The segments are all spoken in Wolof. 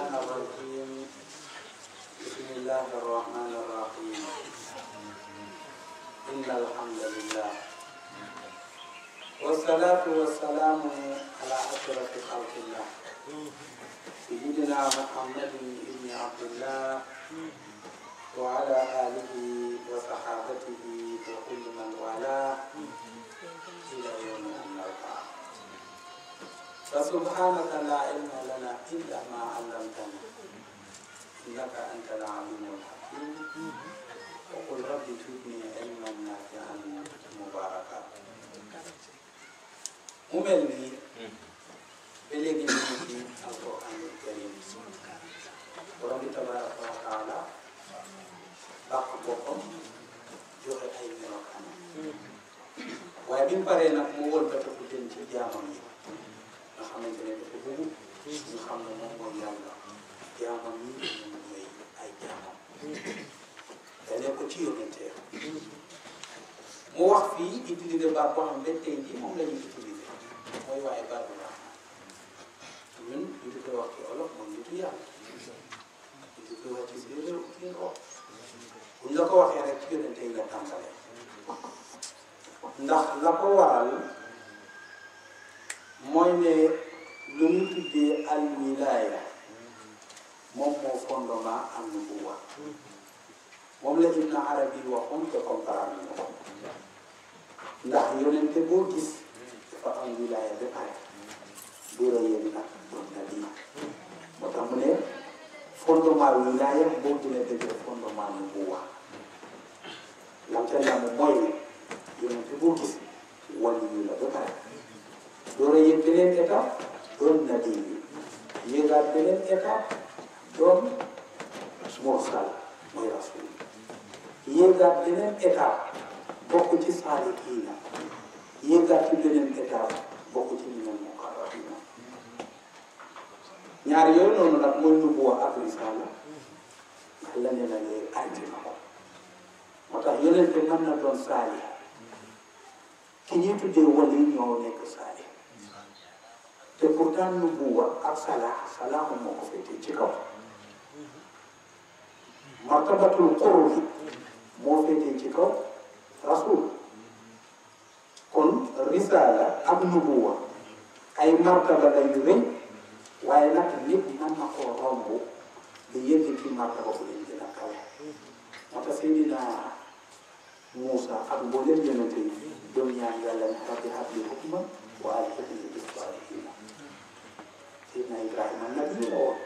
Bismillahirrahmanirrahim. Bismillahirrahmanirrahim. Innal hamdalillah. Wassalatu wassalamu ala asyrafil khalqillah. Muhammad ibn Abdullah wa ala alihi wa sahabatihi wa kulli man wala ila yawmi فسبحانك لا علم لنا إلا ما علمتنا إنك أنت العليم الحكيم وقل رب زدني علما نافعا مباركا أملني بلغني في القرآن الكريم ورب تبارك وتعالى بقبقم joxe ay melokaan waaye bi mu paree nag mu nga xamante ne dafa bëgg ñu xam ne moom mooy yàlla jaamam ñi ñoom ñooy ay jaamam dalee ko ci yónnentee mu wax fii utilisé baat boo xam ne tey jii moom la ñuy utilisé mooy waaye baat bu baax ñun ñu di ko wax ci olof mooy nitu yàlla ñu di ko wax ci séeréer utiin o buñ la ko waxee rek ci yónnentee nga tàmbalee ndax la ko waral mooy ne lu ñu tuddee al wilaaya moom moo fondement am nubuwa moom la Ibn Arabi waxoon te comparé na ko ndax yonente boo gis dafa am wilaaya ba pare bu rëyee nag doon na lii moo tax mu ne fondement wilaaya boo gënee dëgg fondement nubuwa lam ca nam mooy ne yonente boo gis wàllu yu la ba pare yurayimdilenketa unnadiyi yegaddilenketa don mursal mooy rasul yegaddilenketa bokk ci saalikiina yegattilenketa bokk ci ñi mu muqarrabina ñaar yooyu noonu nag mooy nubuwa ak risaala ndax la ne la yee arti na ko moo tax yonente mën na doon saali ki ñuy tuddee wali ñoo nekk saali te pourtant nubuwa ak salaax salaaxu moo ko féetee ci kaw martabatul qurbi moo féetee ci kaw rasul kon risaala ak nubuwa ay martaba yu rëy waaye nag nit mën na koo romb di yëkkati martaba bu leen gën a kawe moo ak mboolem yonente yi doom ñaan yàlla ne rabbi Ibrahima nabi la woon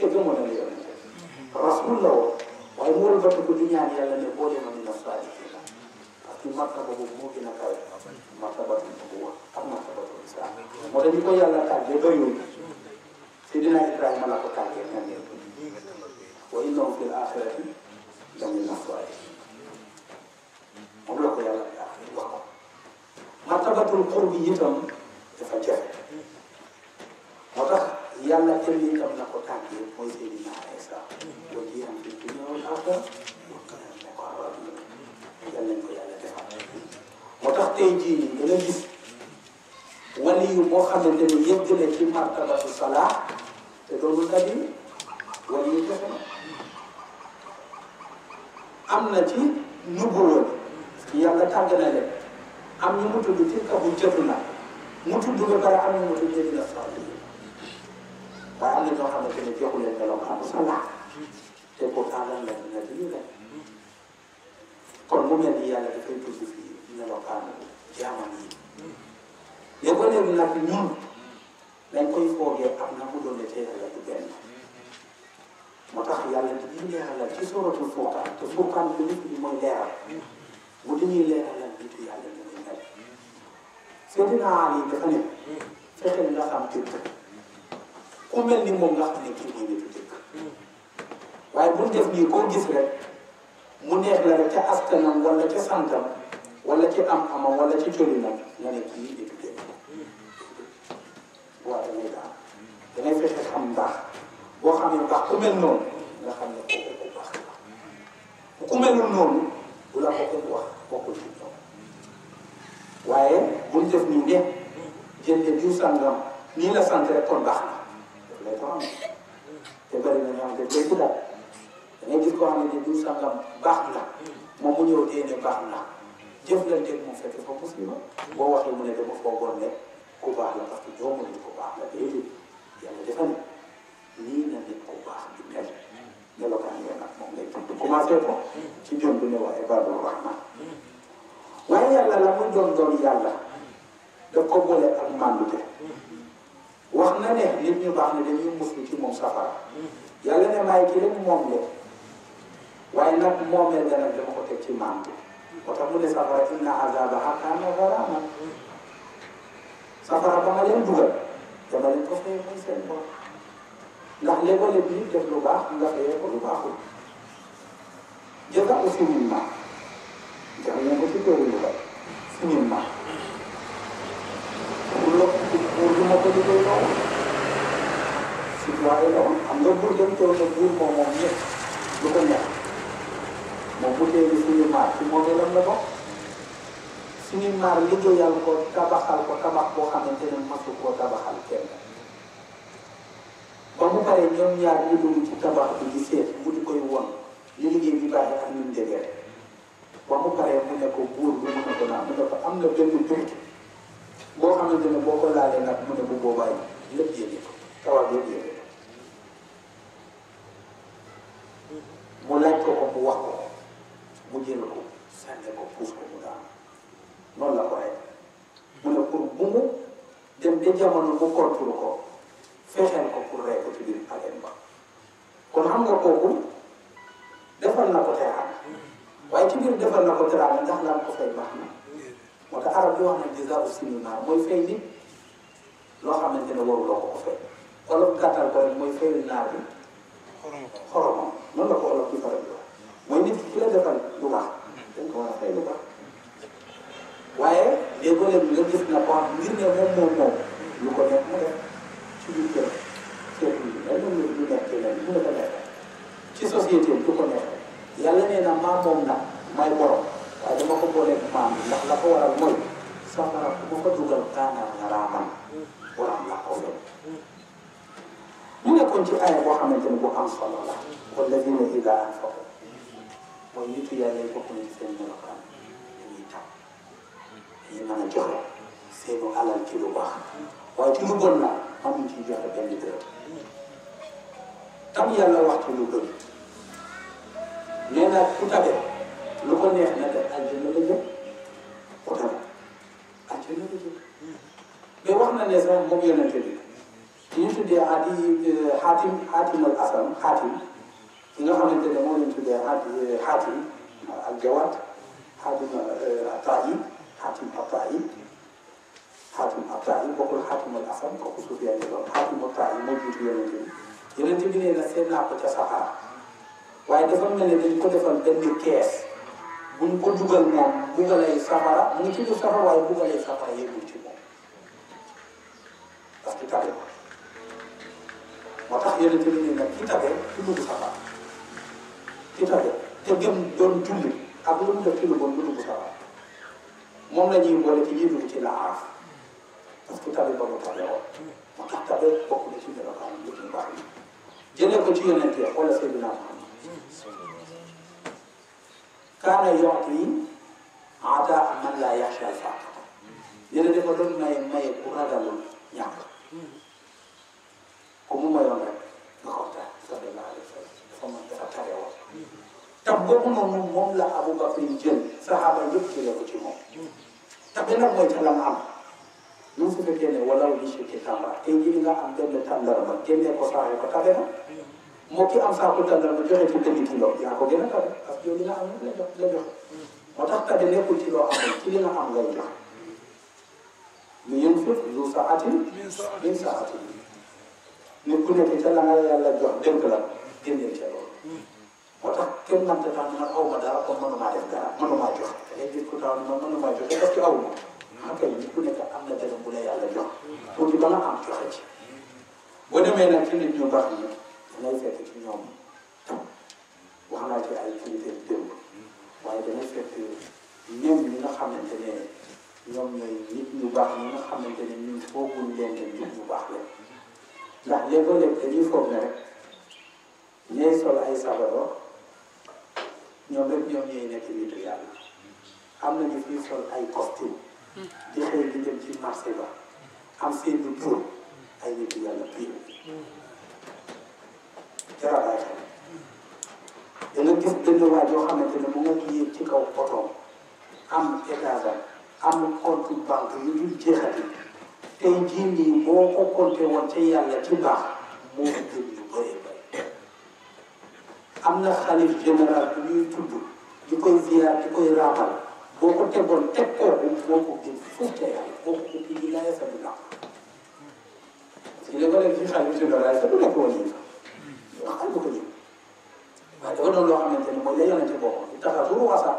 te gëmoon na yoon rasul la woon waaye mu wëlbati ko di ñaan yàlla ne boo demoon dina saalihiina parce que martaba boobu moo gën a kawe martabatu nubuwa ak martabatu islam moo tax ñu ko yàlla tàggee ba yóbbu Sidina Ibrahima la ko tàggee ñaan yëpp wa innahum fil axirati lamina saalihiin moom la ko yàlla wax ko martabatul qurbi itam dafa jafe yàlla ëllëgam na ko tàgge mooy Seydina Isa wa jiyan fi dunya wal axira yal nañ ko yàlla moo tax tey jii nii dana gis wali yu boo xamante ni yëpp ne ci martabatu salaa te doonul kadim wali yu jafe na am na ci nubuwa bi yàlla na leen am ñu mu tudd ci kabu jëf na mu tudd ba am ñu mu tudd na sax ต่อันนี้เราทำมันเป็นเที่ยวคนเดียวแตลเราราดสละเทปตาลังเลยในที่นี้เลยคนพวกนี้ดีอะไรจะเป็นผู้สืบสในโลกการเยามันดีเยอะกว่านี่้มันลักนิ่งแล้วก็ยิ่งโกรธอำนาจผู้ดูในเทอะไรตัวแก่นมาตั้งยาเลยที่นี่ยอะลยที่สุดเราถูกฟูกันถูกฟงกันที่นี่มีมือแย่บุตรนี่เลยอะไรที่ที่อะไรเสียที่นาดีแต่เนี่ยแค่เป็นระดับจุด ku mel ni moom làq nañ ci diine bu jëkk waaye bul def nii koo gis rek mu neex la rek ca askanam wala ca santam wala ci am am wala ci colinam nga ne kii di xam mbaax boo xamee mbaax nga xam ne kooku ku baax la ku melul noonu bu la def nii ne jël ne diw sàngam nii la sant kon baax na lay ko am te bëri na ñoo xam ne tey bu moom da ngay gis koo xam ne du sangam baax na moom mu ñëw dee ne baax na jëflanteeg moom fekk fa muslima boo waxee mu ne dama foogoon ne ku baax la parce que doomu nit ku baax la déedéet yàlla ne nii na nit ku baax di mel melokaan yooyu nag moom lay tudd commencé ko ci jom bu ne waaye Ibaadu Rahmaan waaye yàlla la muy doon doon yàlla daf ko boole ak màndute wax na ne nit ñu baax ne dañuy muslu ci moom safara yàlla ne maay ki leen moom le waaye nag moomeel nga nag dama ko teg ci maam bi moo tax mu ne safara a azabaha kaana garaama safara ba ma leen dugal dama leen ko fay may seen bor ndax léeg-léeg bi def lu baax nga fayee ko lu baaxul jëfa aussi min ma jax ñu ko ci tóori lu bari si min ma pour lo pour lu ma ko di waaye la woon xam nga buur dem na buur moom moom ñëpp lu ko neex moom bu dee ni suñu maar ci moom la la bokk suñu maar liggéeyal ko tabaxal ko tabax boo xamante ne masu koo tabaxal kenn ba mu paree ñoom ñaar ñu dugg ci tabax bi di seet mu di koy won li liggéey bi baaxee ak ñun dëgër ba mu paree mu ne ko buur bi mu ne ko naa mu ne ko am nga benn bunt boo xamante ne boo ko laalee nag mu ne bu boobaa lépp yéene ko tawal yëpp mu laaj ko ko mu wax ko mu jël ko sànni ko puus ko mu daanu noonu la ko rek mu ne pour bu mu dem ba jamono mu kontul ko fexeel ko pour rey ko ci biir paleem ba kon xam nga kooku defal na ko teraanga waaye ci biir defal na ko teraanga ndax naan ko fay baax na moo tax arab yoo xam ne déjà aussi ñu naan mooy fay nit loo xamante ne waruloo ko ko fay wala gàttal ko rek mooy fayu naar bi xoromam noonu la ko olof di faral di nit ki la defal lu baax dañ ko war a fay lu baax waaye léeg-léeg nga gis na ko ngir ne moom moom moom lu ko nekk mu def ci biir kër kër gi lan la ñu lu nekk lan mu la ko nekk ci société bi du ko nekk yàlla nee na maa ma ko كنت آية محمد بوحان صلى الله والذين إذا أنفقوا ويتي عليكم سن القرآن إيمان جهر سينو على الكيلو بخ وأجلو قلنا أمن تجاه بين الدرد tam yàlla waxtu lu gën nee na ku tabe lu ko neex na def àjjana la jëm ku tabe àjjana la jëm mais wax na ne sax moom yonente ki ñu tuddee adi xaatim xaatim al asam xaatim ki nga xamante ne moo leen tuddee adi xaatim al jawad xaatim atayi xaatim atayi xaatim atayi bokkul xaatim al asam kooku suuf yaa ngi doon xaatim atayi moo jiitu yonent bi yonent bi nee na seen naa ko ca saxaar waaye dafa mel ne dañ ko defal benn kees buñ ko dugal moom bugalay safara mu ngi tudd safara waaye bugalay safara yëgul ci moom parce que tàggat moo tax yonente bi ne nag ki tabe du dugg safara ki tabe te gëm doon julli ak lu mu def ci lu bon du moom la ñuy boole ci ñi dugg ci laaf parce que tabe ba mu tabe woon moo tabe ko ci yonente yi xoolal Seydina Muhammad kaana yu'ti ataa man laa yaxsha faqr yéen a dem ba doon may maye ku ragalul ñàkk googu noonu moom la Abubakar yi jël saxaaba yëpp jëlee ko ci moom. te benn mooy ca la nga am. lu su fekkee ne wala lu si ci tàmbara tey jii nga am benn tàndarma génnee ko saaxee ko tabe na. moo ki am saako tàndarma joxe ci dëgg kilo yaa ko gën a tabe parce que yow am la jox moo tax tabe nekkul ci loo amul ci li nga am ngay jox. lu yëngu fépp lu sa ati. min sa ati nit ku ne ca la nga yàlla jox dénk la génnee ca loolu. moo tax kenn mënta naan man aw ma dara kon mënumaa def dara mënumaa jox da ngay gis ku taw man mënumaa jox te parce que aw ma xam ah, nga nit ku nekk am na dara bu la yàlla jox pour di bala am joxe ci boo demee nag ci nit ñu baax ñi dangay fekk ci ñoom wax naa ci ay kilifa yu démb waaye dangay fekk ñoom ñi nga xamante ne ñoom ñooy nit ñu baax ñi nga xamante ne ñun fooguñ leen ne nit ñu baax leen ndax léegoo léeg dañuy foog ne rek ñooy sol ay sabaro ñoo rek ñoom ñooy nekk nitu yàlla am nañu fii sol ay costume di xëy di dem ci marché ba am seen lu ay nitu yàlla pii jarabaay xam da nga gis benn waay yoo xamante ne mu nga yéeg ci kaw otoom am étage am compte banque yu dul jeexati tey jii nii boo ko compté woon ca yàlla ci baax moo gën am na xalif général bi ñuy tudd di koy ziyaar di koy raabal boo ko tegoon teg kooku boo ko gën foofu ca yàlla boo ko ëpp di laaya sa du naaw parce que li ko def ci xalif général sa du nekk woon nii waxal ko ñu waaye dafa doon loo xamante ni mooy la yonente bokkoon di taxa suru wasaab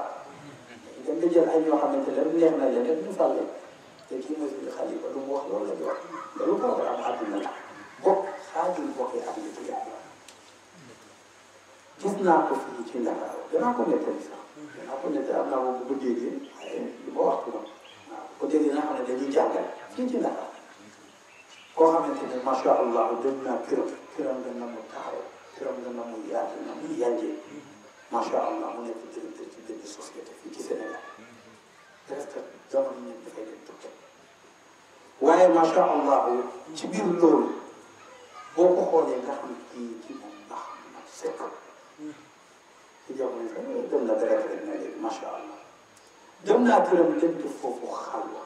dem nga jël ay ñoo xamante ne neex na leen rek ñu fàlle te kii mooy suñu xalifa lu mu wax loolu la ñu wax loolu programme àdduna la bokk xaajul bokk yi ak li ci yàlla gis naa ko fii ci Ndakaaru danaa ko ko nettali am naa moom bu ko déggee du ko wax ko waaw ko déggee nga xam ne dañuy jàngale fii ci Ndakaaru koo xamante ne macha allah dem naa këram këram dana mu taxaw këram dana mu na mu yanjee macha allah mu nekk directeur ci benn société fii ci Sénégal presque jamono ñëpp dafay dem tukkee waaye macha allah ci biir loolu boo ko xoolee nga يجون ضمن بركة الملك ما شاء الله ضمن أكرم لم تفوق خلوة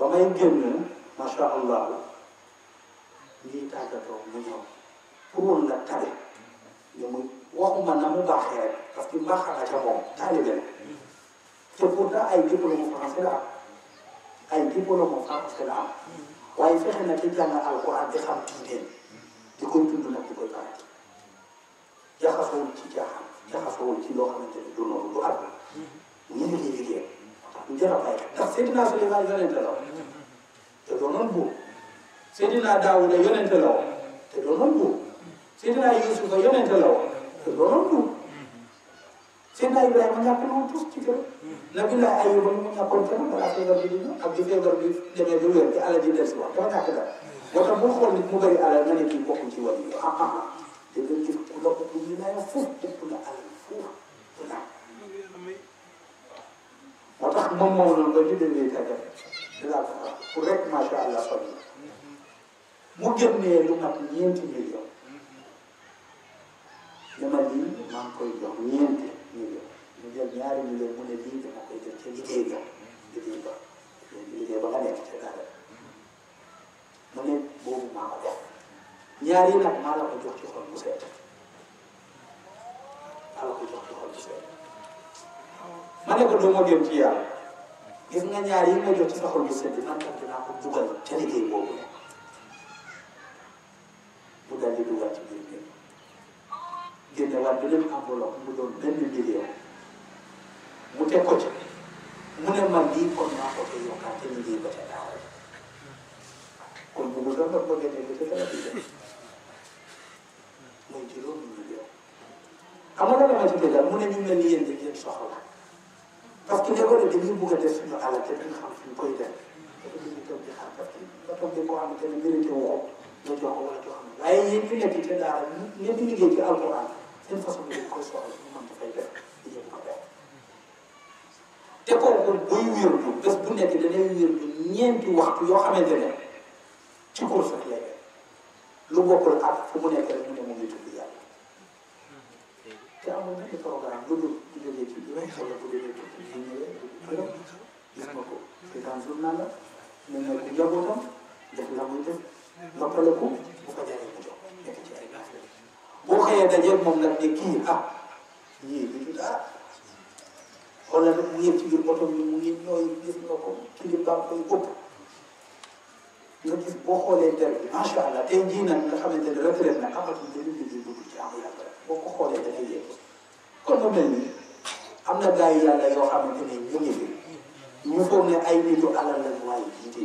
بما يجمع ما شاء الله يتاكتو ميوم كون لا تاري يوم وهم من نمو باخر كفتي باخر أجابهم تاري بنا تبودا أي ديبولو مفرانسي لا أي ديبولو مفرانسي لا waaye fexe na di jàng alquran di xam diineen di koy dund nag di koy bàyyi jaxasoowul ci jaaxal jaxasoowul ci loo xamante ne du noonu du àgg ñu ngi ñuy liggéeyal ñu jar a bàyyi ndax Seydina Souleymane yonente la woon te doonoon buur Seydina Daawuda yonente la woon te doonoon buur Seydina Yuusufa yonente la woon te doonoon buur Seydina Ibrahima ñàkk na woon tous ci kër Nabillahi Ayuba ñu ñàkkoon kenn balaa bi di ñëw ak bi feebar bi demee mu bëri alal nga ne kii bokk ci wàllu ah ah, ah. da nga gis ku la ëpp wilaaya foofu ëpp la alal foofu la moo tax moom moom la nga juddee lii tàggat dinaa ko xam ku rek macha allah famille mu génnee lu mat ñeenti million dama lii maa ngi koy jox ñeenti million mu jël ñaari million mu ne lii dama koy jox ca liggéey ba liggéey ba liggéey ba nga nekk ca dara mu ne boobu maa ko def ñaar yi maa la ko jox ci xol ma ne ko doo ma gëm ci yàlla gis nga ñaar yi ma jox ci ko dugal ca liggéey boobu ne mu dal di dugal ci biir kër génne waat beneen enveloppe mu doon benn million mu teg ko ci mu ne man lii kon maa ko koy yokkaat te liggéey ba ca daaw kilo du yow xam nga dama ci dal mu ne ñu mel ni yéen dañ leen soxla parce que nekkoon ne dañuy bugg a def suñu alal te duñ xam suñ koy def te duñu toog di xaar parce que ba toog di koo xamante ne mérité wu ko nga jox ko wala jox ko waaye yéen ñu nekk ci daara ñetti liggéey ci alquran seen façon bi dañ koy soxla ñu mën dafay def di jëm ko def te kooku buy wérdu bés bu nekk danay wérdu ñeenti waxtu yoo xamante ne ci course ak lay lu bokkul ak fu mu nekk rek mu ne mu ngi tudd te amoon na ay programme lu dul bu jógee fii dinañ xaw a bu jógee fii bu ñëwee gis nga ko président journal la ñu ne ko njabootam def la muy def noppaleku bu ko jaree mu jox nekk ci ay affaire boo xëyee dajee moom nag ne kii ah ñii du ñu dara wala nag mu yëg ci biir oto bi mu ngi ñooy gis nga ko kii baa koy ëpp nga gis boo xoolee der bi macha allah tey jii nag nga xamante ne retraite nag amatul benn boo ko xoolee da ngay yëg kon mu mel ni am na gars yi yàlla yoo xamante ne ñu ngi fi ñu foog ne ay nitu alal lañ waaye jiite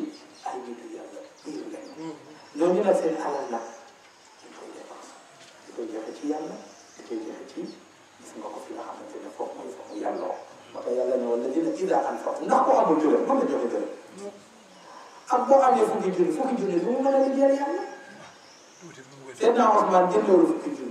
ay nitu yàlla biir lañ ñooñu seen alal nag dañ koy dépense di koy joxe ci yàlla di koy joxe ci gis nga ko fi nga xamante ne foofu mooy foofu yàlloo ma ko yàlla ne wala dina ida an fa ndax ko amul dërëm mën na joxe dërëm ak boo amee fukki junni fukki junni bu mu mën a liggéeyal yàlla Seydina Ousmane jëndoolu fukki junni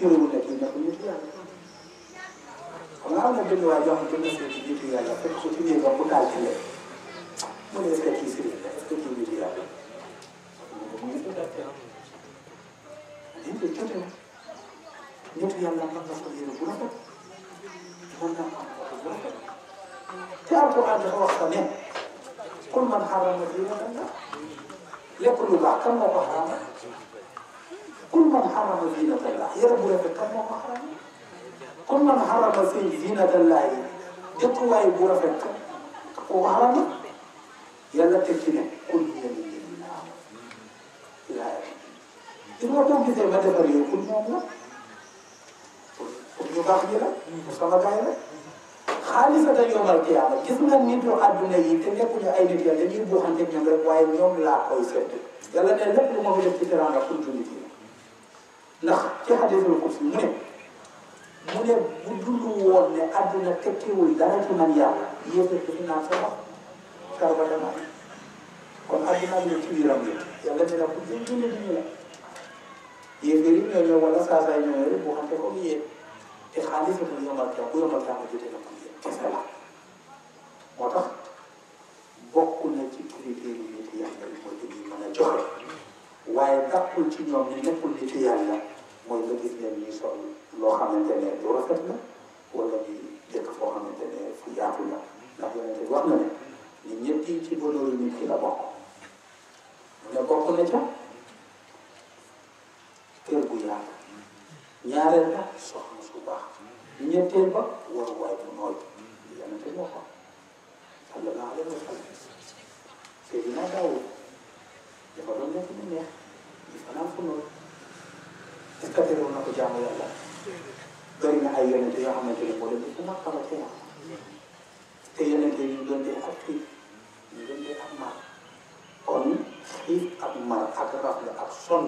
téerewul nag ñu nekk ñu ci yàlla xam nga am na benn waay yoo xam ne ci jiitu yàlla fekk su fi ñëwee ba mu taal ci lépp mu ne est-ce que kii sëriñ la est-ce que kii ñu ci yàlla nit yàlla am na ko yéene bu rafet mën naa am oto bu rafet te alquran dafa wax ko ne kon man xaaral ma lépp lu baax kan moo ko xaaral كل من حرم زينة الله يا رب لك كم محرم كل من حرم في زينة الله يطلع برفق وحرم يلا تكينا كل يلي الله لا إنه أدوم كده ما تبري كل يوم كل يوم أخيرا مصطفى كايرا خالصة يوم القيامة جسنا نيتو أدنى يتنى كل أين يلا يبوحن تكنا غير واي يوم لا كويسة يلا نلبي لما بيجي ترى أنا كل جنيه ndax ci hadiisul qudsi mu ne mu ne bu dul woon ne àdduna tekkiwul dara ci man yàlla yéen a def naa sama sarbatana kon àdduna bi ci biiram bi yàlla ne la ku jëm jënd di la yéen a ngi ñëw wala saa saa ñëw rek boo xam ne comme yéen te xaalis bi mu yombal taw bu yombal taw bi jotee ko yéen kese la moo tax bokk na ci critères yi nit yàlla yi mooy dañuy mën a joxe waaye dàqul ci ñoom ne nekkul nit yàlla. mooy nga gis ne ñuy sol loo xamante ne lu rafet la wala ñuy dëkk foo xamante ne fu yaatu la ndax yonente bi wax na ne nit ñëpp yi ci bonóoru nit ki la bokk mu ne bokk na ca kër gu yaatu ñaareel ba soxna su baax ñetteel ba waruwaay bu nooy yonente bi wax ko sallallahu alayhi wa sallam Seydina Daawuda dafa doon nekk lu neex di fanaan fu nooy fekkewu na ko jaamu yàlla bëri na ay yonent yoo xamante ne boo a bu ma ne ak xiif ñu doon ak mar ak mar ak ak sonn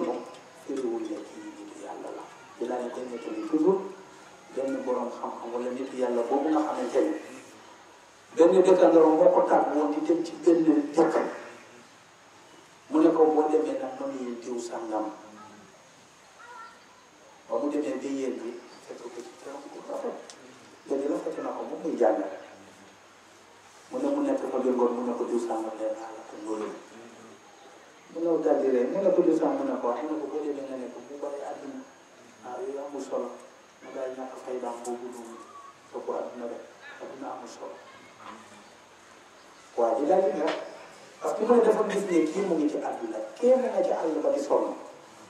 firiwul ne kii nitu yàlla la di laa ne koy nettali toujours benn borom xam-xam wala nitu yàlla boobu nga xamante ne benn dëkkandoo moo ko tàgg woon di dem ci benn dëkk mu ne ko boo demee nag noonu yéen diw sàngam yéen bi fekk ko ci teew bu na ko moom muy jàngale mu ne mu nekk fa jëngoon mu ne ko diw sàngam leen naa la te loolu mu ne daldi mu ne ko diw sàngam mu ne ko wax mu ne ko boo demee nga ne ko bu bàyyi àdduna ah yooyu mu daal ñàkk fay daam boobu noonu soo ko àdduna rek àdduna amul solo waaye di daal di nag parce que mu ne dafa gis ne kii mu ngi ci àdduna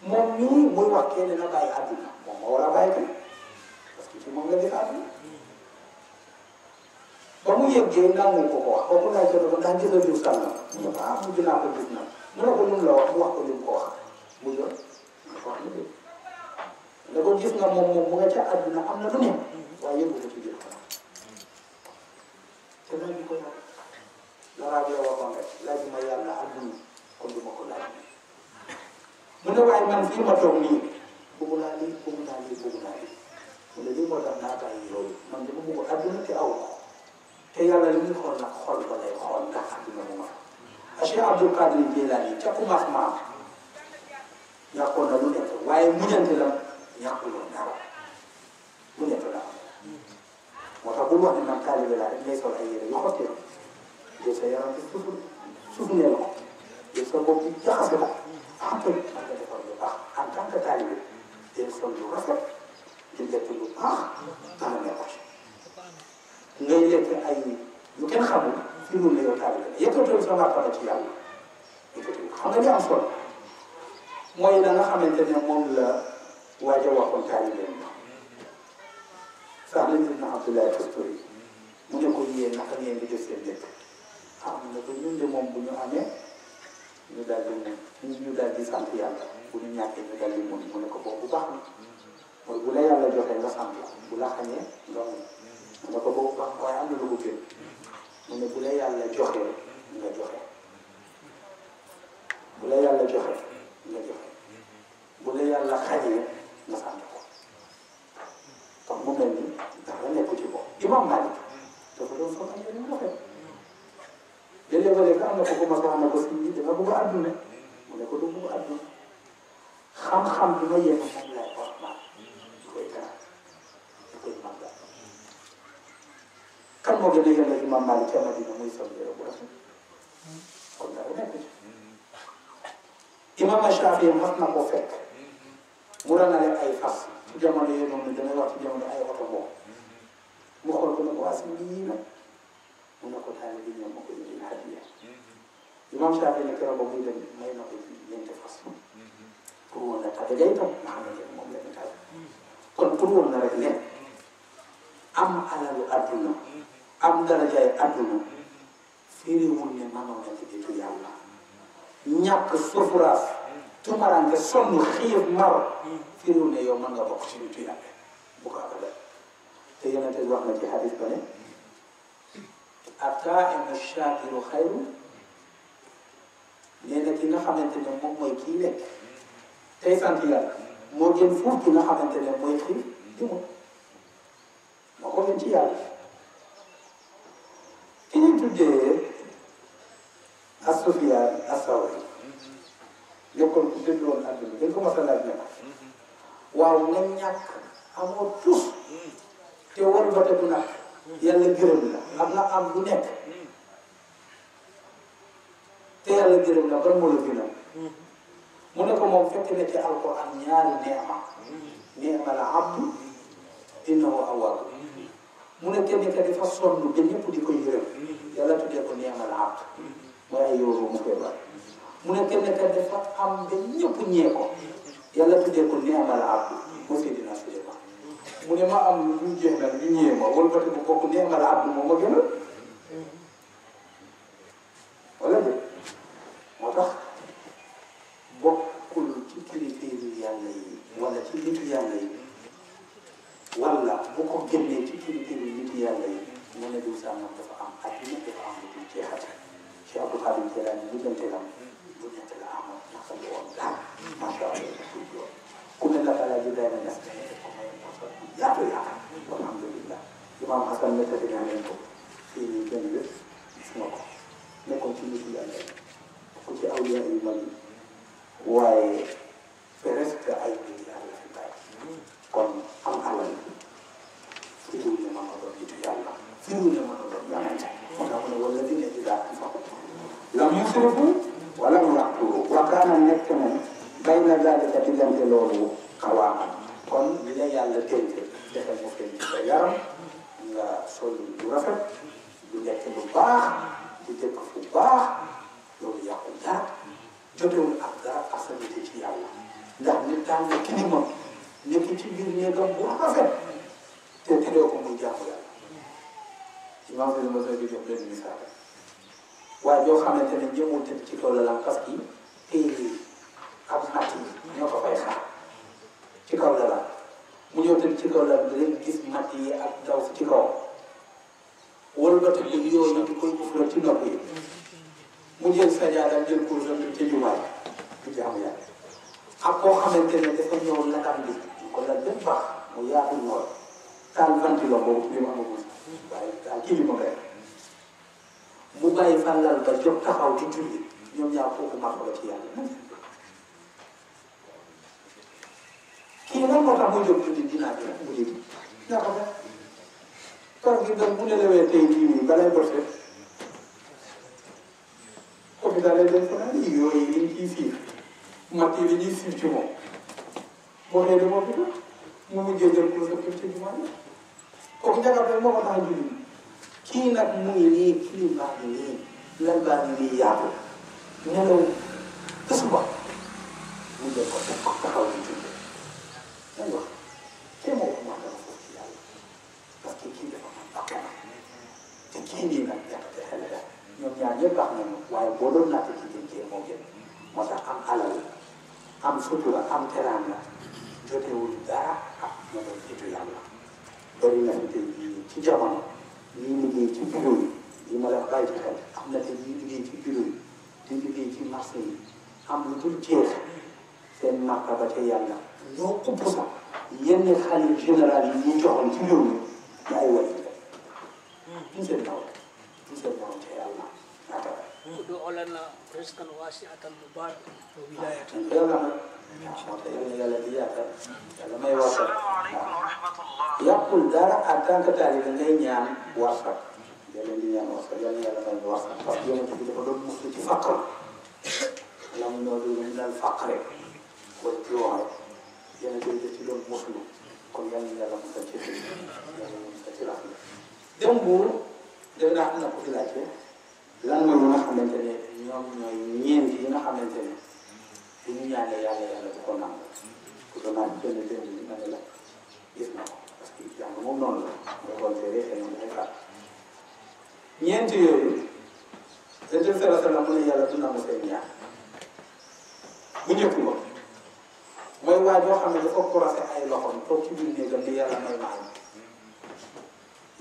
moom ñuy muy wax kenn dina bàyyi àdduna moom moo war a bàyyi kenn parce que ci moom la def àdduna ba mu yëggee nangu ko ko wax ba mu laaj ko dafa ndax gis nga diw kan la mu ne ah mujj naa ko gis nag mu ne ko lu mu la wax mu wax ko lu mu ko wax mu jot mu ko wax mu jot ne ko gis nga moom moom mu nga ca àdduna am na lu ne waaye yëngu ko ci biir ko te laaj bi ko yàlla la rajo waxoon rek laaj ma yàlla àdduna kon du ma ko laaj มันทำไมมันฟี้มาตรงนี้บูญอะไรบุญอะไรบุูอะไรมันเลยไม่มาทำนาใจเลยมันจะไม่บุญอัะไรที่เอาแค่ยังเลยมีคนละคนอะไรคนกันที่มันมาอาชีพอาบุลกาดีเดลานี่จะกูมากมากอยากคนละรุ่นเดียวไว้มุ่งเดี่ยวละอยากคนละนะมุ่งเดี่ยวลหว่าถ้าบุญวันนั้นการเวลาไม่สบายเลยยุ่งที่ยวเดี๋ยวเสียงสุดสุดสุดเนี่ยเรอกเดี๋ยวสบายจะขาดไ أعطوا هذا الفضل أخ أنت أنت تعلم الفضل غصب الفضل أخ أنا ما يقاش نيلة أي يمكن خبو في نوم ليو تعلم يكتب سما قرأت يا الله يكتب خمنا لي أصلا ما يلانا خمنا تنين مم لا واجه وقل تعلم سهل بن عبد الله الكستوري mu يقول ko yéen naka ngeen di def seen dëkk xam nga bu ñun de moom bu ñu amee ñu daal di ñu ñu daal di sant yàlla bu ñu ñàkkee ñu daal mu ne ko boobu baax na mooy bu la yàlla joxee nga sant bu la xañee nga muñ mu ne ko boobu baax waaye am na lu ko gën mu ne bu la yàlla joxee nga joxe bu la yàlla joxee nga joxe bu la yàlla xañee nga ko kon mu mel ni dara nekk ci bopp imam Malik léeg-léeg am na ko ku ma ko wax ne ko fii danga bëgg àdduna mu ne ko du bëgg àdduna xam-xam bi ma yéene moom lay wax ma du koy taal du koy màggal kan moo gën a yéene Imam Malik ca Madina muy sol yére bu rafet kon dara nekk ci Imam Shafi mas na ko fekk mu ranale ay fas ci jamono yooyu noonu dana wax ci jamono ay oto boobu mu ko ne ko waa si lii nag mu mhm. mhm. mhm. ne ko taal bi ñoom moo ko indil hadiya imam Shaafi ne keroog ba muy dem may na ko ñeenti fas pour woon na tabe day tam nga moom la ñu kon pour woon na rek ne am alalu adduna am darajaay adduna firiwul ne mënoon na ci ditu yàlla ñàkk souffrance tumaranke sonn xiif mar firiwul ne yow mën nga bokk ci ditu yàlla bu ko abalee te yonente wax na ci hadis ba ne ataa'imu shaakiru xayru nee na ki nga xamante ne moom mooy kii lekk tey sant yàlla moo gën foofu ki nga xamante ne mooy kii di mu moo ko mën ci yàlla ki ñu tuddee Asufyaan Asawri nekkoon ku dëgg woon àdduna dañ ko mos a laaj ne ko tus mm. te war ba te du yàlla gërëm la xam nga am bu nekk te yàlla gërëm la ban moo la gërëm mu ne moom fekk na ci alquran ñaari neema neema la abdu innahu awwab mu ne kenn ka dafa sonn ba ñëpp di ko yërëm yàlla tuddee ko neema la abdu mooy ay yóoru mu koy bari mu ne kenn ka dafa am ba ñëpp ñee ko yàlla tuddee ko neema la abdu boo fi dina mu ne ma am lu ñu jéem a lu ñu yéem a wëlbati bu bokk neex na la àdduna moom a gënal sol lu rafet du lekk lu baax du dëkk fu baax loolu yàqul dara jotewul ak dara asanité ci yàlla ndax nit daan na kilima nekk ci biir néegam bu rafet te teree ko muy jaamu yàlla imam bi ma soo jox leen misaal waaye yoo xamante ne jëmul tëdd ci toolalam parce que tey lii am natt yi ñoo ko fay xaar ci kaw lalam mu ñëw tëdd ci kaw lalam da leen gis natt yi ak daw ci kaw wëlbati lim yooyu di koy ufla ci nopp yi mu jël sajaadam jël kursam bi ci jumaa bi jaamu yàlla ak koo xamante ne dafa ñëw lakam bi ñu ko lal dem baax mu yaatu noor taal ventilo boobu bi mu amagul waaye taal kilima ngay mu bàyyi fàllal ba jóg taxaw ci julli ñoom ñaar foofu màq la ci yàlla kii lan moo tax mu jóg julli dinaa dina mu jëg naka kooku gi dem bu nelawee tey jii nii balay bosee hôpital yi dañ ko naan i yooyu liñ ciy siif mat yi dañuy siif ci moom boo xëy demoo fi mu mujjee jël ko sa kër ci jumaa yi kooku njagaar rek moo ko tax julli kii nag muy nii kii baax na nii lan baax na nii yaatu nelaw ësuba mu jël ko teg ko taxaw di julli dañ wax te moo ko mën a foofu ci yàlla parce que kii dafa kii nii moom jàppante xale la ñoom ñaar ñëpp baax nañu waaye boo doon natt ci dénkee moo gën moo tax am alal am sutura am teraanga jotewul dara ak ñoom ñoo jiitu yàlla. bari na te ci jamono ñii liggéey ci bureau yi yi ma la bàyyi xel am na te ñii liggéey ci bureau yi di liggéey ci marché yi am lu dul jeex seen martaba te yàlla ñoo ëpp sax yenn xale général yi ñu joxoon ci réew mi ay way Tinsel tau. Tinsel tau che yang na. Kudu Ya la. Ya pun akan ketali dengan yang Jalan dia yang wasa. Jalan yang wasa. Tapi yang kita perlu mesti difakar. Kalau menurut fakar. Kau tuan. Jalan dia itu belum muslim. Kau yang dalam kecil. dem buur dem daa am na ko fi lan mooy li nga xamante ne ñoom ñooy ñeent yi nga xamante ne bu ñu ñaanee yàlla yàlla du ko nangu ku ko naan benn benn bi la gis na ko parce que jàng moom noonu la nga considéré xëy na dafay faat ñeent yooyu seen jëf sala sala mu ne yàlla du nangu seen ñaar bu njëkk ba mooy waa joo xam ne dafa croisé ay loxoom toog ci biir néegam ni yàlla may maam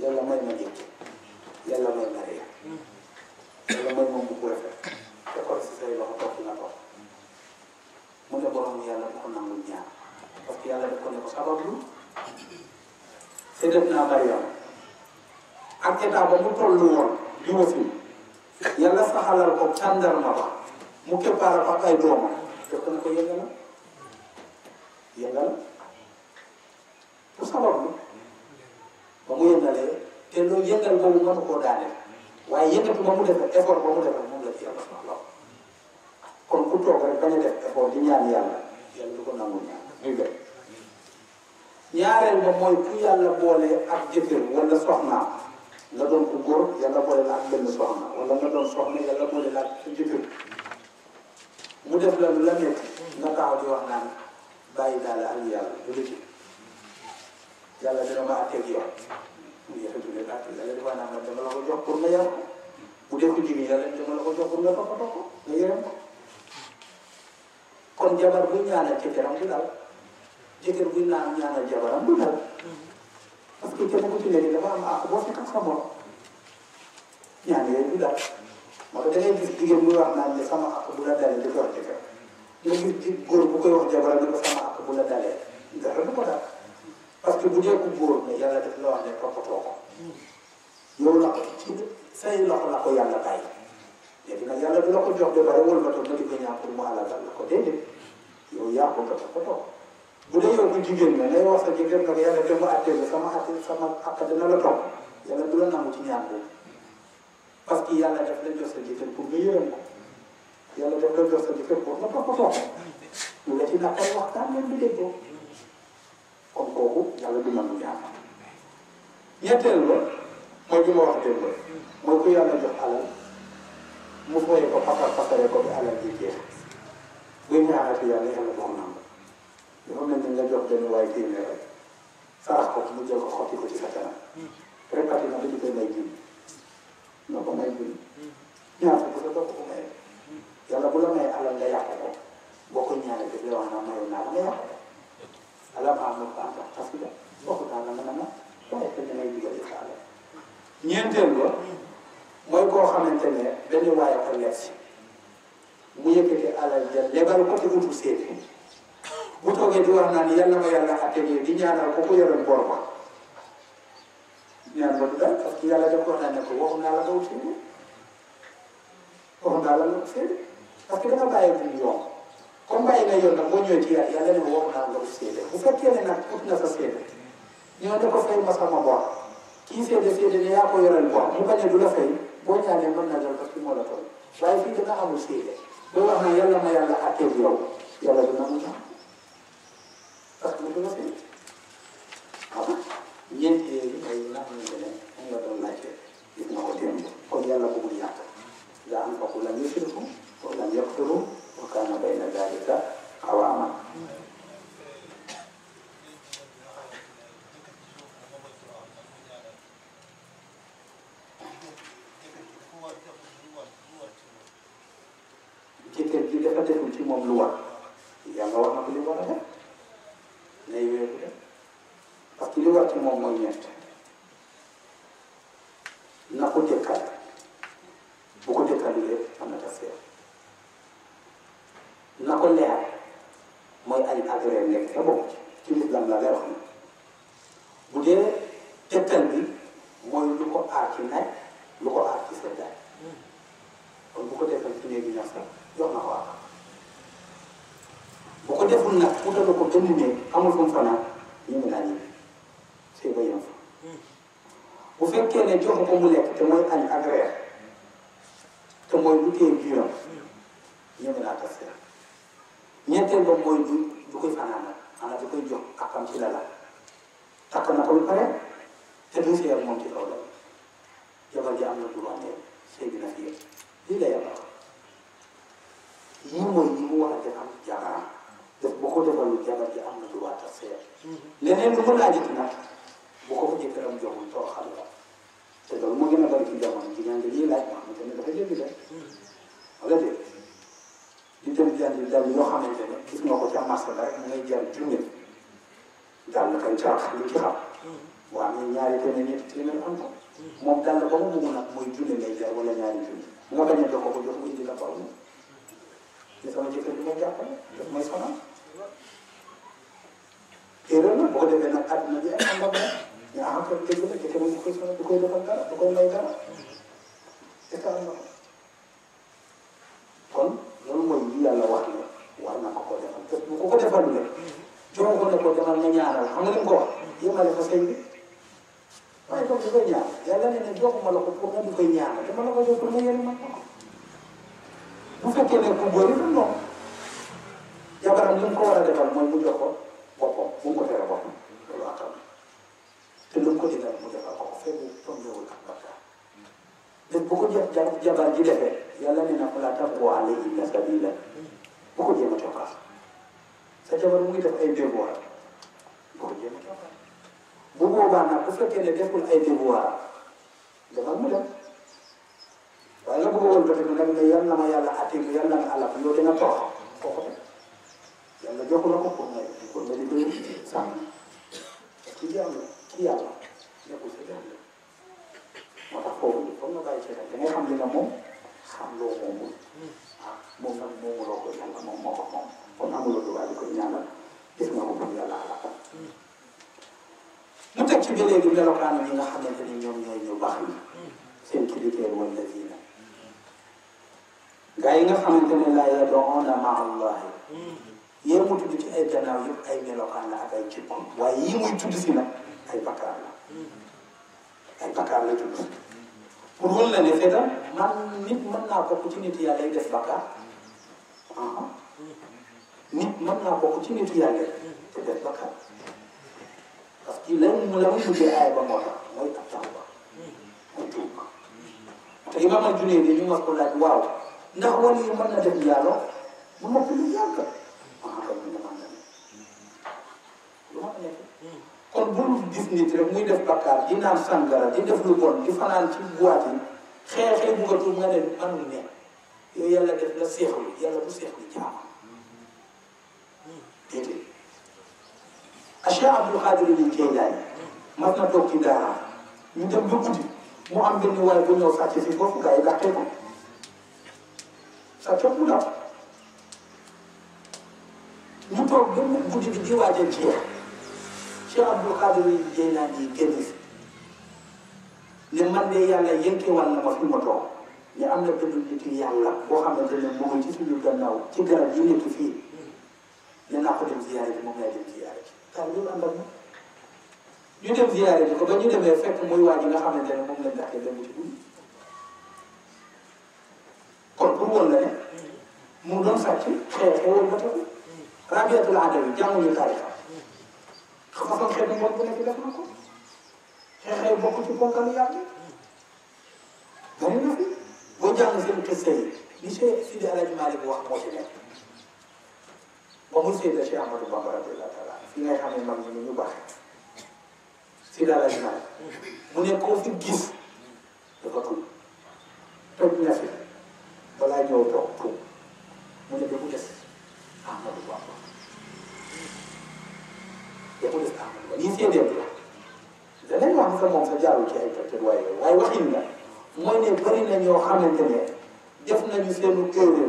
yàlla may ma dégg yàlla may ma mu yàlla may ma mbubb rafet te kon si na ko mu ne borom yàlla dafa nangu ñaan parce que yàlla daf ko ne ko sabablu te def naa Mariam ak état mu toll woon di wasin yàlla saxalal ko tàndarma ba mu keppaara fa ay doomam def na ko yëngal yëngal ku sabablu ba mu yëngalee te loolu yëngal boobu mënu koo daaneel waaye yëngatu ba mu defal effort ba mu defal moom la ci yàlla sama lool kon a def effort di ñaan ko doon ku góor yàlla boole la soxna wala nga doon soxna yàlla boole la ak jëkkër mu def la lu la métti nga taxaw di wax naan bàyyi daal ak yàlla du la ci yàlla dina ma àtteeg yoon mu yàlla dundee àtte yàlla dafa naan man dama la ko jox pour nga yaram ko bu dee ko jiw yàlla dama la ko jox pour nga toppatoo ko nga yaram ko kon jabar bu ñaanal jëkkëram du dal jëkkër bu naan ñaanal jabaram du dal parce que kenn ku ci nekk dafa am àq boo fekk sa borom ñaan yooyu du dal moo tax da ngay gis jigéen muy wax naan ne sama àq bu la dalee di ko wax jëkkër nga gis góor bu koy wax jabaram di ko sama àq bu la dalee dara du ko dal parce que bu dee ko góor ne yàlla def la wax ne toppatoo ko yow la ko ci say loxo la ko yàlla bàyyi léegi nag yàlla du la ko jox ba pare wëlbatoon na di ko ñaan pour mu alalal la ko déedéet yow yaa ko nga toppatoo bu dee yow bu jigéen ne lay wax sa jigéen nag yàlla dama àttee la sama àttee sama àq dina la topp yàlla du la nangu ci ñaan boobu parce que yàlla daf la jox sa jëkkër pour nga yërëm ko yàlla daf la jox sa jëkkër pour nga toppatoo ko lu la ci naqar waxtaan leen bi déggoo kon kooku yàlla du nangu jaam ñetteel ba mooy bi ma wax dégg mooy ku yàlla jox alal mu foyee ko fakar fakaree ko bi alal bi jeex buy ñaaxati yàlla yàlla moom nangu dafa mel ni nga jox benn waaye téeméer rek sarax ko mu jël ko xotti ko ci sa kanam répati na dañu koy may jiw na ko may jiw ñaar ko sa bopp ko maye yàlla bu alam amul tànga parce que bokk tànga nga ne ma waaye te ñu lay digal di xaaral ñeenteel ba mooy koo xamante ne benn waaye ko leer si mu yëkkati alal ja lebal ko te utu seede bu toogee di wax naan yàlla ma yàlla atténué di ñaanal ko ku yoroon bor ba ñaan ba du dal parce que yàlla def ko naan ne ko waxu naa la nga ut seede naa la nga ut comme bàyyi nga yoon nag boo ñëwee ci yàlla yàlla ne woo naa nga seede bu fekkee ne nag ut na sa seede ñoo ne ko fay ma sama bor kii seede seede ne yaa ko yoreel bor mu bañ a du la fay boo ñaanee mën na doon parce que moo la toll waaye fii dina amul seede boo wax ne yàlla ma yàlla àtteeg yow yàlla dina mun a parce que du la fay xam nga ñeenti yooyu ay la xamante ne moom la doon laajte gis nga ko démb comme yàlla bëggul yàq nga am ko ku la ñu firku ko la ñu yëkkatu وكان بين ذلك قواما naturel nekk ca bopp ci lislaam la lay wax na bu dee tegtal bi mooy lu ko aar ci naaj lu ko aar ci seddaay kon bu ko defal ci néegi ñax sax na ko aar bu ko deful nag utala ko benn néeg amul fu mu fanaan ñu ngi naan ñibbi c'est ba yem fa fekkee ne jox ko mu lekk te mooy añ ak te mooy lu téye biiram ñu ngi naa tas ñetteel ba mooy du koy fanaanal maanaam di koy jox akam ci takk na ko ba pare te du si moom ci kaw la jabar ji am na droit ne sëy bi na fi yëpp lii la yàlla lii mooy li mu war a def am jabaram def boo ko defalul jabar ji am na droit tas sëy leneen lu ko laajit nag bu ko too xam la te loolu moo gën a bari ci jamono ji ñaan lii laaj ma xam ne dafa jënd de wala déet di jël jàll jàll yoo xamante ne gis nga ko ca marché la rek mu ngay jàll junne dàll kay jaax lu ci xam mm-hmm. waaw ñun ñaari benn ñetti téeméer am ko mm-hmm. moom dàll ba mu mën nag mooy junne lay jar wala ñaari junne moo tax ñu jox ko ko jox ko indi la baaw ni sama jëkkër di ma jàppale daf may sonal erreur la boo ko defee nag àdduna bi ay àndam la ñu am ko dëgg la jëkkër bu koy sonal bu koy defal dara bu koy may dara mm-hmm. état la kon way bi yàlla wax ne na ko koo defal te bu ko ko defal ne joxoon ko ne ko demal nga ñaaral xam nga ni mu ko wax yëngale fa sëñ bi waaye comme su koy ñaar yàlla ne ne joxuma la ko pour nga di koy ñaar dama la ko jox pour mu ma bu fekkee ne ku góor yi du noonu jabaram li ko war a defal mooy mu jox ko boppam mu ngi ko tere boppam loolu te lu mu ko defal mu defal ko ko fekk mu tombewul Nilipokuja Jabal Jibehe, yalani na kula tabu alayhi na sabila. Pokuja matoka. Sasa Jabal mwita kwa ebe bora. Pokuja matoka. Bugo bana kufa kele tekul ebe bora. Jabal mwita. Wala bugo wal tote kuna mina ati ma yalla atimu yalla ma ala kuyo tena toka. Pokuja. Yalla joko na kukuna yalla. Kuna yalla. Sama. Kijama. foog nga bàyyi ngay xam li nga moom xam loo moomul ah moom nag moomuloo ko yàlla moom moo ko moom kon amuloo droit di ko ñaanal gis nga ko pour yàlla àll mu teg ci biir léegi nga ni ñoom ñooy ñu baax yi seen critère wala diina gaa yi nga xamante ne laa yad'uuna ma'a yee mu tudd ci ay gannaaw yëpp ay melokaan la ak ay jikko waaye yii muy tudd si nag ay bakkaar ay bakkaar la pour mën la ne fekk man nit mën naa bokk ci nit yàlla yi def bàkkaar ah nit mën naa bokk ci nit yàlla yi def bàkkaar parce que la mu la mu mujjee aay ba moo taw ba mooy tuub te imaam al Junayd ñu mas ko laaj waaw ndax wala yi mën na def njaaloo mu noppi lu yàgg ah kon ñu mën na ne lu kon bul gis nit rek muy def bakkaar di naan sangara di def lu bon di fanaan ci boîte yi xeexee bu nga tuub nga dem manul ne yow yàlla def nga seexlu yàlla bu seexlu jaam déedéet ah, Cheikh Abdul Xaadir li Jeylaani mas na toog ci daara ñu dem ba guddi mu am benn waay bu ñëw sàcc si foofu gars yi dàqee ko sàcc mu daw ñu toog ba mu guddi bi di waajal jeex Cheikh Abdou Khadir Jeylani génn fi ne man de yàlla yënkeewal na ma fi ma toog ne am na benn nitu yàlla boo xamante ne moom ci suñu gannaaw ci garab yi nekk fii ne naa ko dem ziyaare ji moom laa dem ziyaare ji. waaw loolu ànd ak ñu dem ziyaare ji ko ba ñu demee fekk muy waa ji nga xamante ne moom lañ dàqee dem ci guddi kon pour woon la ne mu doon sàcc xeexewul ba taw rabiatul adawi jànguñu tarixa xamal xeetu mbokk bu nekk def na ko xeexee bokk ci bokkal yàlla moom la fi boo jàng seen kese yi li Cheikh Sidi El Hadj Malick wax moo ci nekk ba mu seede Cheikh Amadou Bamba radiyallahu taala fi ngay xam mag ñi ñu baax Sidi El Hadj Malick mu ne koo fi gis dafa tudd toj na mu ne ba mu des Amadou Bamba yamul islam ñi see dem la danañ wax sa moom sa jaarul ci ay pàcc waaye waaye waxin nga mooy ne bëri na ñoo xamante ne def nañu seenu téere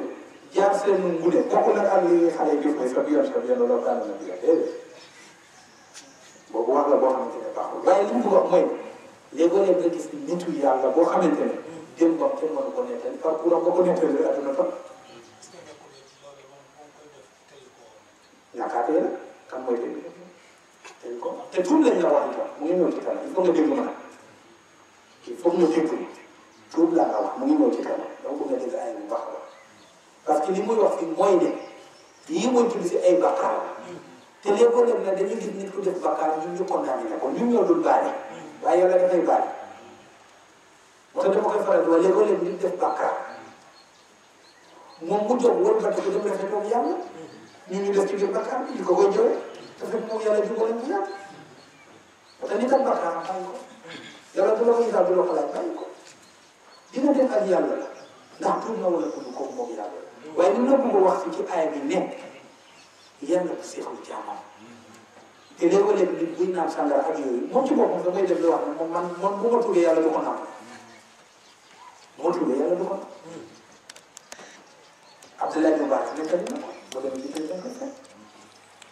jaar seenu mbune bokkul ak ak li xale yi def mooy sa biyoon sa biyoon loolu daal na biyoon déedéet boobu wax la boo xamante ne baaxul waaye li mu wax mooy léeg-léeg nga gis nitu yàlla boo xamante ne démb ba kenn mënu ko nettali parcours am ba ko nettali rek adduna fa ñàkkaatee la kan mooy dégg dañ ko te tuub lañ la wax mu ngi ñëw ci kanam il faut nga déglu ma il faut nga déglu tuub laa la wax mu ngi ñëw ci kanam donc nga dégg ay bu baax la parce que li muy wax fi mooy ne yii mooy tudd si ay bakkaar te léegi boo dem nag dañuy gis nit ku def bakkaar ñun ñu condamné ne ko ñun ñoo dul baale waaye yow la dafay baale moo tax dama koy faral di wax léegi boo dem nit def bakkaar moom mu jóg wëlbati ko dem defee toog yàlla ñun ñu def ci biir bakkaar bi di ko koy jëlee parce que moom yàlla jubóo nañ bu yàgg te ni tam bakkaar bàyyi ko yàlla bu la ko isaal bu la ko laaj bàyyi ko dina dem ak yàlla la ndax tuub na wala tuub ko moom yàlla la waaye ni nëbb nga wax ci aaya bi ne yàlla bu seexul jaamam te léeg-léeg nit buy naan sàngara ak yooyu moom ci boppam dafay def lu wax ne moom man man bu ma tuubee yàlla du ko naan bu ma tuubee yàlla du ko naan Abdoulaye Moubarak nettali na ko ba dem liggéey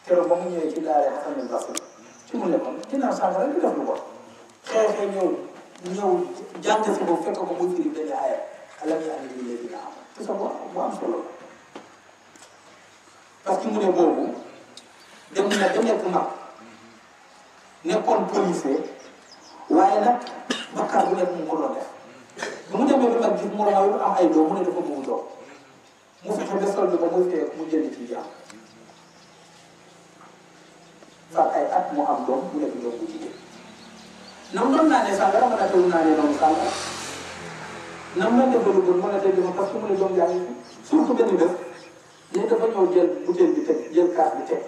keroog ba mu ñëwee ci daara Xasan al Basri ci mu nekkoon ginnaaw sàngara di def lu ko xeexee ñëw ñëw jàng si boobu fekk ko muy firi benn aaya alam yaa ngi léegi dina am te sa bu am solo que mu ne boobu dem na ba nekk mag nekkoon policier waaye nag mu ko doon def bu mu demee ba mag mu raw ne dafa mu ba mu jënd ci mu am doom mu nekk doom bu jigéen nam doon naanee sàngara mën a teewul naanee noonu sàngara nam la def ba lu bon mën a teg ma parce que mu ne doom yaa ngi fi surtout benn ne dafa ñëw jël butéel bi teg jël kaas bi teg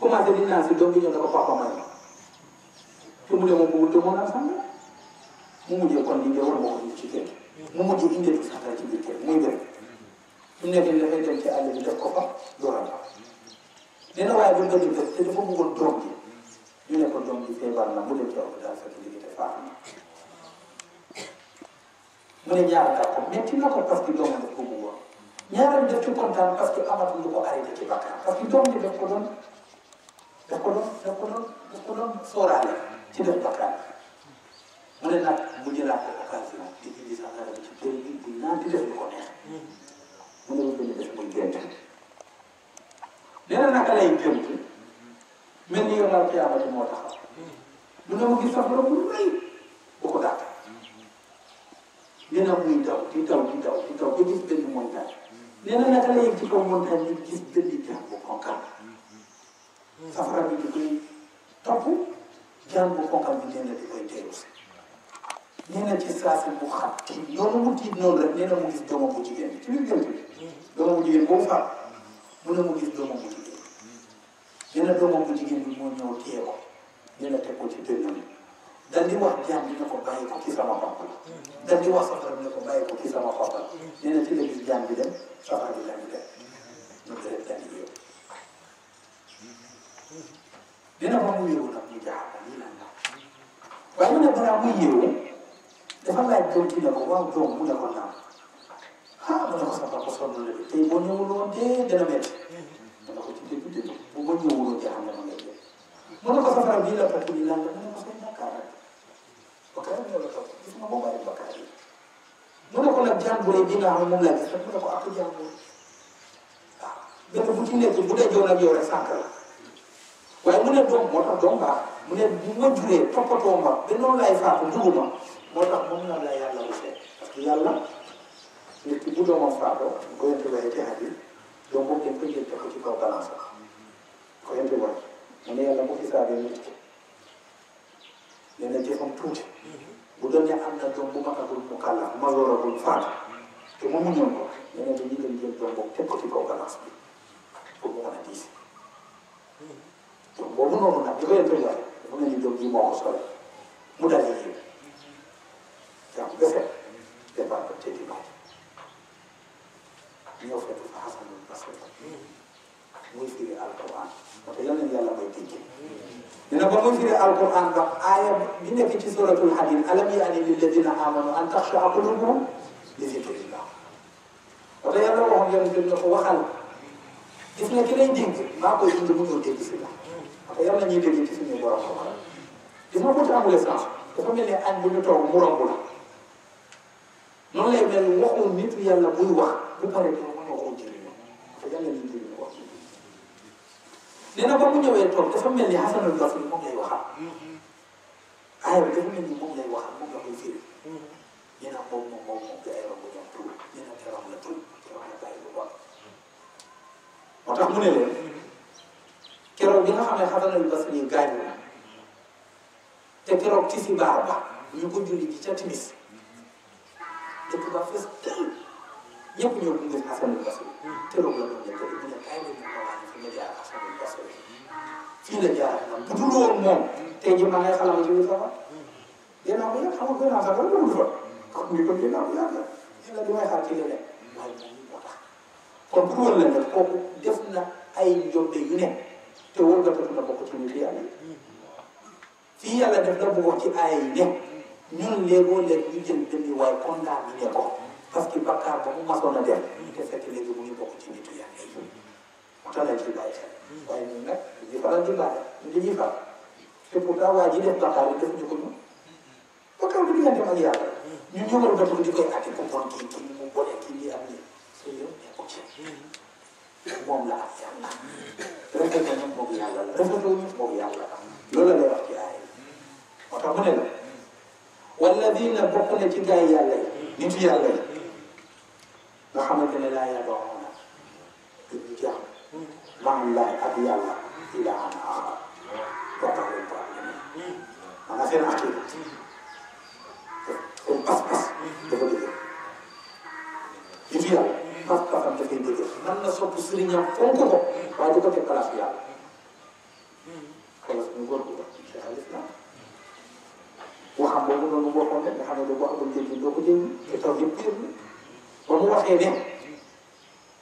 commencé di naan si doom bi ñëw dafa papa may ma te mu ne moom bëggul te moo naan sàngara mu mujjee kon li nga war a bokk ñu ci kër mu mujj li ngeen ci sàngara ci biir kër muy dem su nekkee dafay dem ci àll bi def ko fa door a baax nee na waaye buñ ko jël te dafa bëggoon doom bi ñu ne ko doom ji feebar na bu dem ci hôpital fekk ndekete faatu na mu ne ñaar ko metti na ko parce que doomam daf ko bëggoon ñaareel daf ci kontaan parce que amatul lu ko arrêté ci bakkaar parce que doom bi daf ko doon daf ko doon daf ko doon daf ko doon sóoraale ci def bakkaar mu ne nag bu jëlaat ko occasion di indi sax dara ci kër gi di naan di def lu mu ne lu gën a def muy gént nee na naka lay mel ni yow daal xiyaamati moo taxaw mu ne mu gis safara bu rëy bu ko dàq nee na muy daw di daw di daw di daw ba gis na naka la yëg ci kaw montagne bi gis benn jaan safara bi di koy topp jaan bu konkal bi nee na di koy teeru si ci saa si bu xam tiit noonu mu tiit noonu rek nee na mu gis doomam bu jigéen bi ci biir gën bi doomam bu jigéen boobu faam mu ne mu gis doomam bu jigéen dina doomam bu jigéen bi moo ñëw téye ko dina teg ko ci dënnam dal di wax jaam dina ko bàyyi ko ci sama xonq la di wax safara dina ko bàyyi ci sama xonq la ci la gis jaam bi dem safara bi dem dem ñu deret jàng yow dina ba mu yëwu nag ñu jaaxal lii lan la waaye mu ne balaa muy yëwu dafa laaj doom ci ne ko waaw doom mu ne ko naam ah mu ne ko safara ko sonn la de ko ci dégg dégg bu ko ñëwuloo te xam na ngay def mu ne ko safara bii la fekk di lan la mu ne ko say bakkaar rek bakkaar ñoo la topp gis nga boo bàyyi bakkaar yi mu ne ko nag jàmbure bi nga xam moom la gis rek mu ne ko ak jàmbure waaw benn bu ci nekk bu dee jow nag yow rek sànq la waaye mu ne doom moo tax doom baax mu ne bu ma juree toppatoo ma ba noonu laay faatu duguma moo tax moom la la yàlla wutee parce que yàlla nit ki bu doomam faatoo doom bi lay teex a ji doom boobu dañ koy jël teg ko ci kaw balance ko indi woon mu ne yàlla bu xisaabee nit ki nee na jëfam tuuti mm-hmm. bu doon ne am na doom bu mu kàllaaf ma loragul faatu te mu muñoon ko nee na dañuy dem jël doom boobu teg ko ci kaw balance bi pour mu mën a diis mm-hmm. doom boobu noonu nag li koy préparé mu ne ni mu daje ji jàmm bese départ ko tëddi ko ñëw fekk fa xasanul basri mm-hmm. muy لكن أنا أقول لك إن أنا لك أن أنا ده لك أن أنا سورة لك أن أنا للذين لك أن تخشى قلوبهم لذكر الله ولا يلا وهم يمدون وخل إثنا كلا يدين ما كل يدين من يدين في الله يوم يدين في الله يوم يدين في الله إثنا كنت أقول أنا كم لك أن أنا أنا أنا أنا أنا أنا أنا أنا أنا لك لك لك لك لك لك لك لك لك أن أن أن أن أن أن أن أن أن لك أن مورم بولا نون لا يمل وهم ميت يلا بوي وخ بحر الله ما هو جريمة يلا يدين nee na ba mu ñëwee toog dafa mel ni Hasanul Basri moom lay waxal aaya bi dafa mel ni moom lay waxal moom la koy firi ñu naan moom moom moom moom ay romb ñoom tuub ñu naan keroog la tuub keroog la bàyyi lu bon moo tax mu ne leen keroog bi nga xam ne Hasanul Basri yi gaañu na te keroog tisbaar ba ñu ko julli ji ca timis dëkk ba fees tël ñëpp ñoo gunge Hasanul Basri keroog la doon njëkk mu ne kaay la ñu fi la jaar ak la jaar bu dul woon moom tey kon ni ko la li def na ay njombe yu ne te wóor nga def na bokk ci nit yàlla def na bëggoon ci aaya yi ne ñun léegoo léeg jël demi waaye condamné ko parce que bakkaar ba mu masoon a def te fekk léegi mu ngi bokk ci nitu yàlla yi te lay ci bàyyi xel waaye ñun nag dañuy faral di laaj dañuy faral te pourtant waa ji def bàkkaar a defuñu ko ñun bàkkaar bi diggante ak yàlla ñu jógal nga bëgg di koy àtte ko bon kii kii mu bone kii lii am lii te yow nekku ci moom la ak yàlla rek nga ñun moom yàlla la rek nga ñun moom yàlla la loolu la lay wax ci aay moo tax mu la wala dina bokk na ci gaay yàlla yi nit yàlla yi nga xamante ne laa maallaahi ak yàlla ilaahan aaxar boo tax leen ko maanaam seen aqiida seen pas-pas dafa dëgër jiitu yàlla pas-pasam dafay dëgër nan la sopp sëriñam fonk ko waaye du ko teg place bi yàlla xoolal suñu góor gu Cheikh al Islam waxam boobu noonu waxoon ne nga xam ne boo amul njëriñ doo ko jëriñ te taw yëpp jëriñ ba mu waxee ne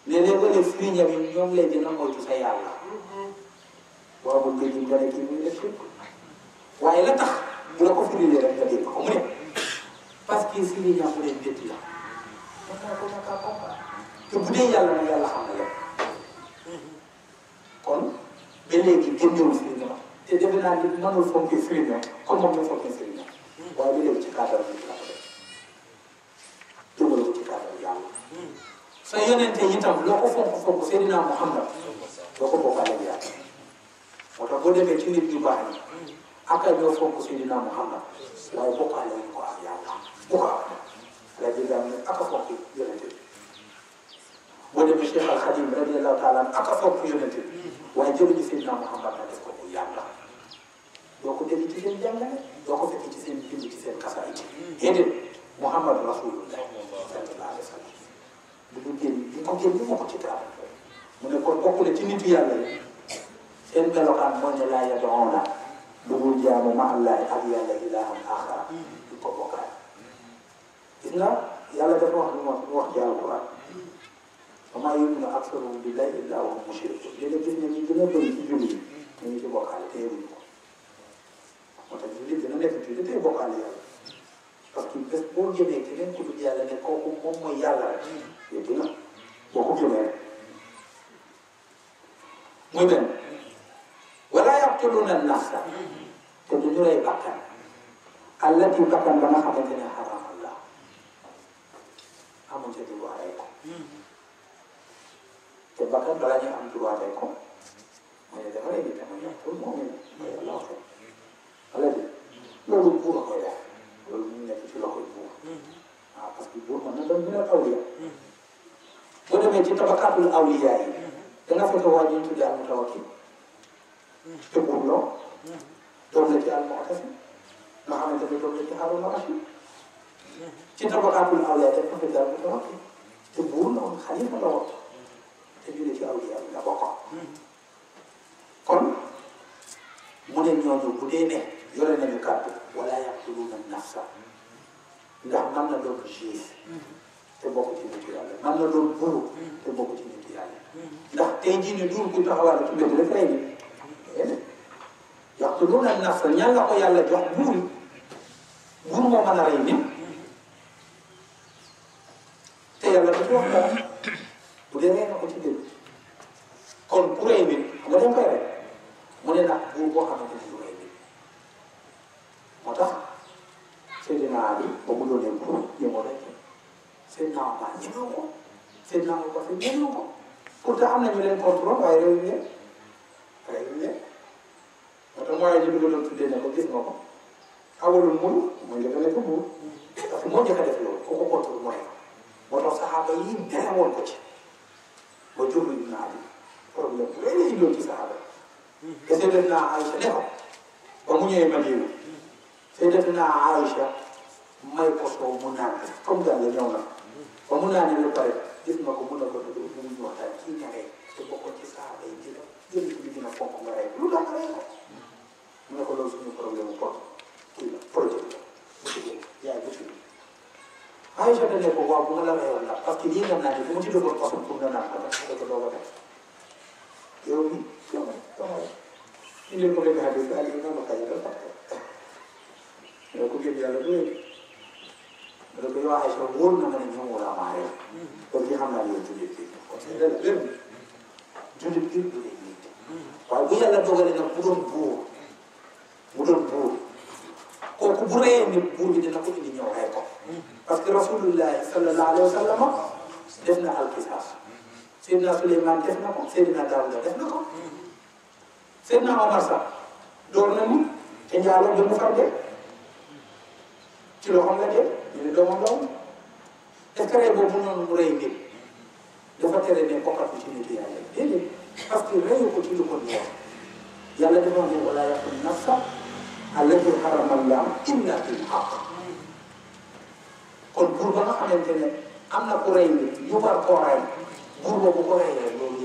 mais les volets fruitiers bi ñoom lay gën a moytu sa yàlla mm-hmm. waaw moom léegi dara kii muy def waaye la tax bu la ko firilee rek nga dégg ko mu ne parce que si li ñàkk leen bétti la mën naa ko ñàkk a comprendre te bu dee yàlla na yàlla xam na lépp kon ba léegi génnewul firi na te defe naa ni mënul fonkee firi na comme moom la fonkee firi na mm-hmm. waaye ba léegi ci cadre bi la sa yonente itam loo ko fonk fonk Seydina Muhammad doo ko bokkaale bi yàlla moo tax boo demee ci nit ñu baax ñi ak ñoo fonk Seydina Muhammad waaye bokkaale ñu ko ak yàlla bu ko am la jëlaat ne ak a fonk yonente bi boo demee Cheikh Al Khadim radiyallahu taala ak a fonk yonente bi waaye jëluñu Seydina Muhammad na def ko muy yàlla doo ko dégg ci seen jàngale doo ko fekk ci seen bind ci seen kasaay yi déedéet Muhammad rasulullah sallallahu alayhi wa sallam bu dul génn li mu génn moo ko ci dara mu ne kon bokk na ci nitu yàlla yi seen melokaan mooy ne laa yadoona lu mu jaamu ma allah ak yàlla ilaahan axara di ko bokkaat gis nga yàlla dafa wax lu wax lu wax ci alquran wa maa yu'minu aksaruhum billaahi illaa wa hum mushrikuun léeg-léeg gis nga ñu gën a bëri ci jullit yi ñu ngi ci bokkaale téye wuñu ko moo tax jullit dina nekk jullit tey bokkaale yàlla parce que bés boo jëmee keneen ci lu yàlla ne kooku moom mooy yàlla rek yow dina boo ko jëmee muy benn wala yaqtuluna nafsa te du ñu lay bakkan allati bakkan ba nga xamante ne xaraam la amul te droit rey ko te bakkan balaa ñu am droit rey ko mooy ne dafa lay nit ama ñor pour moom la yàlla waxee loolu ne ci tabaqaatul awliya yi danga fekk waa ji ñu tuddee al mutawakkil te buur loo doom la ci al mu'tasim nga xamante ne doom la ci Haaruna Rashid ci tabaqaatul awliya te dafa fekk al mutawakkil te buur la woon xalifa la woon te jëlee ci awliya yi la bokkoon kon mu ne ñooñu bu dee ne yore nañu kàddu wala yaqtuluuna nafsa ndax mën na doon juif te bokk ci nit yàlla man la doon bëru te bokk ci nit yàlla ndax tey jii ni duur ku taxawaale ci mbedd rek rey bi yaqtuluuna an-nafsa ñan la ko yàlla jox buur buur moo mën a rey nit te yàlla dafa wax dara bu dee rey na ko ci dégg kon bu rey nit nga dem koy rey mu ne nag buur boo Seydina Omar ñemewu ko Seydina Abubakar ñemewu ko pourtant am nañu leen contrôle waaye réew mi réew mi moo tax mooy li mu doon tuddee ne ko gis nga ko awalul mun mooy njëkk a nekk buur parce que moo njëkk ah, a def loolu ku ko contrôle mooy moo tax saxaaba yi dara woon ko ci ba jur gi naa bi problème bu rëy la ñu doon ci saxaaba yi. te Seydina Aïcha ne ko ba mu ñëwee Madina Seydina Aïcha may ko soow mu naan comme daal la ñëw na. ba mun naa ñëwee pare gis nga ko mun na ko dugg lu mu ñëw daal kii nga rey te bokkoon ci saa day jël jël ko gën a fonk nga rey lu tax rey ko mu ne ko loolu suñu problème mu bon kii la projet la bu tuddee yaay bu tuddee ko waaw bu la reyoon la parce que lii nga naan bu ma ci dëggoon façon pour nga naan ko def ko doog a def yow mi yow mi yow mi indil ko benn nga ma kañ la ko ko gën yàlla du parce que bu ñu waxee sax wóor na ma ne ñoom war a maa réew kon ñu xam naa yow jullit bi dëgg dëgg jullit bi du leen nit waaye bu yàlla dogalee nag bu doon buur bu doon buur kooku bu reyee nit buur bi dina ko indi ñëw rey ko parce que rasulullahi sallallahu alayhi wa sallam def na alqisaas Seydina Souleymane def na ko Seydina Daouda def na ko Seydina Omar sax door na ni te njaaloo bi mu far dee ci loxoom la dee ñu ne doomam la te tere boobu noonu mu rey mbir dafa tere ne bokkat bi ci nitu yàlla déedéet parce que reyu ko ci lu ko ñor yàlla dafa wax ne wala yaqul nafsa allati harama allah illa bil haq kon pour ba nga xamante ne am ku rey mbir ñu war koo rey buur boobu ko reyee